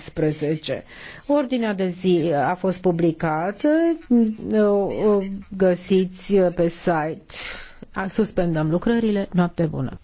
11. Ordinea de zi a fost publicată, găsiți pe site. Suspendăm lucrările, noapte bună!